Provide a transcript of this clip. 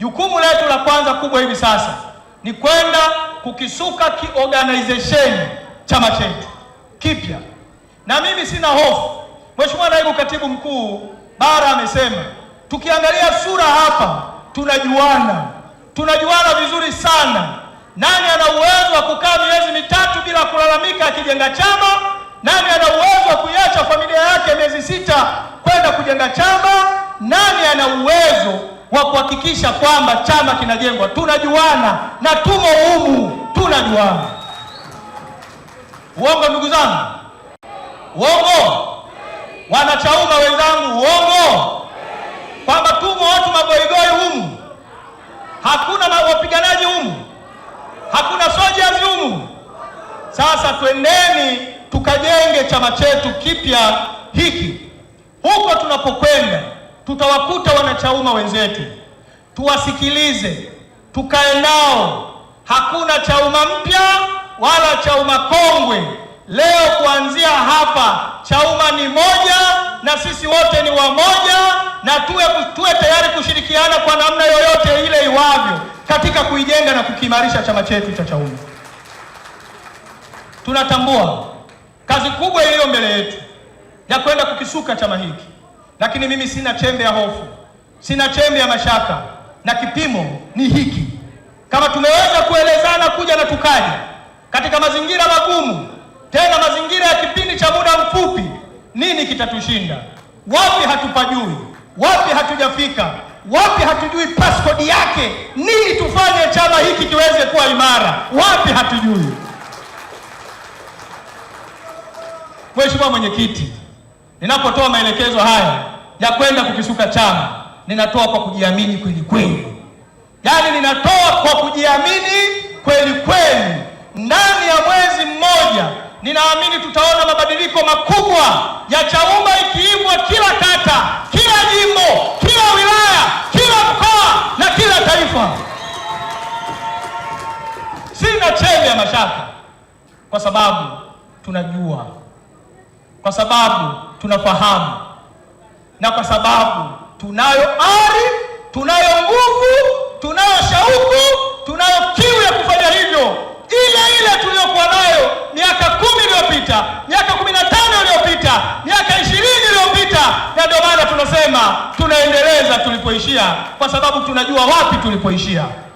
Jukumu letu la kwanza kubwa hivi sasa ni kwenda kukisuka kiorganizesheni chama chetu kipya, na mimi sina hofu. Mheshimiwa Naibu Katibu Mkuu Bara amesema tukiangalia sura hapa tunajuana, tunajuana vizuri sana. Nani ana uwezo wa kukaa miezi mitatu bila kulalamika akijenga chama? Nani ana uwezo wa kuiacha familia yake miezi sita kwenda kujenga chama? Nani ana uwezo wa kuhakikisha kwamba chama kinajengwa. Tunajuana na tumo humu, tunajuana. Uongo ndugu zangu? Uongo wanachauma wenzangu? Uongo kwamba tumo watu magoigoi humu, hakuna wapiganaji humu, hakuna soldiers humu. Sasa twendeni tukajenge chama chetu kipya hiki, huko tunapokwenda tutawakuta wanachauma wenzetu, tuwasikilize, tukae nao. Hakuna chauma mpya wala chauma kongwe. Leo kuanzia hapa chauma ni moja, na sisi wote ni wamoja, na tuwe, tuwe tayari kushirikiana kwa namna yoyote ile iwavyo katika kuijenga na kukiimarisha chama chetu cha chauma. Tunatambua kazi kubwa iliyo mbele yetu ya kwenda kukisuka chama hiki. Lakini mimi sina chembe ya hofu, sina chembe ya mashaka, na kipimo ni hiki. Kama tumeweza kuelezana kuja na tukaja katika mazingira magumu, tena mazingira ya kipindi cha muda mfupi, nini kitatushinda? Wapi hatupajui? Wapi hatujafika? Wapi hatujui passcode yake? Nini tufanye chama hiki kiweze kuwa imara? Wapi hatujui. Mheshimiwa Mwenyekiti, ninapotoa maelekezo haya ya kwenda kukisuka chama. Ninatoa kwa kujiamini kweli kweli, yaani ninatoa kwa kujiamini kweli kweli. Ndani ya mwezi mmoja, ninaamini tutaona mabadiliko makubwa ya CHAUMMA ikiibwa kila kata, kila jimbo, kila wilaya, kila mkoa na kila taifa. Sina chembe ya mashaka, kwa sababu tunajua, kwa sababu tunafahamu na kwa sababu tunayo ari, tunayo nguvu, tunayo shauku, tunayo kiu ya kufanya hivyo, ile ile tuliyokuwa nayo miaka kumi iliyopita, miaka kumi na tano iliyopita, miaka ishirini iliyopita. Na ndio maana tunasema tunaendeleza tulipoishia, kwa sababu tunajua wapi tulipoishia.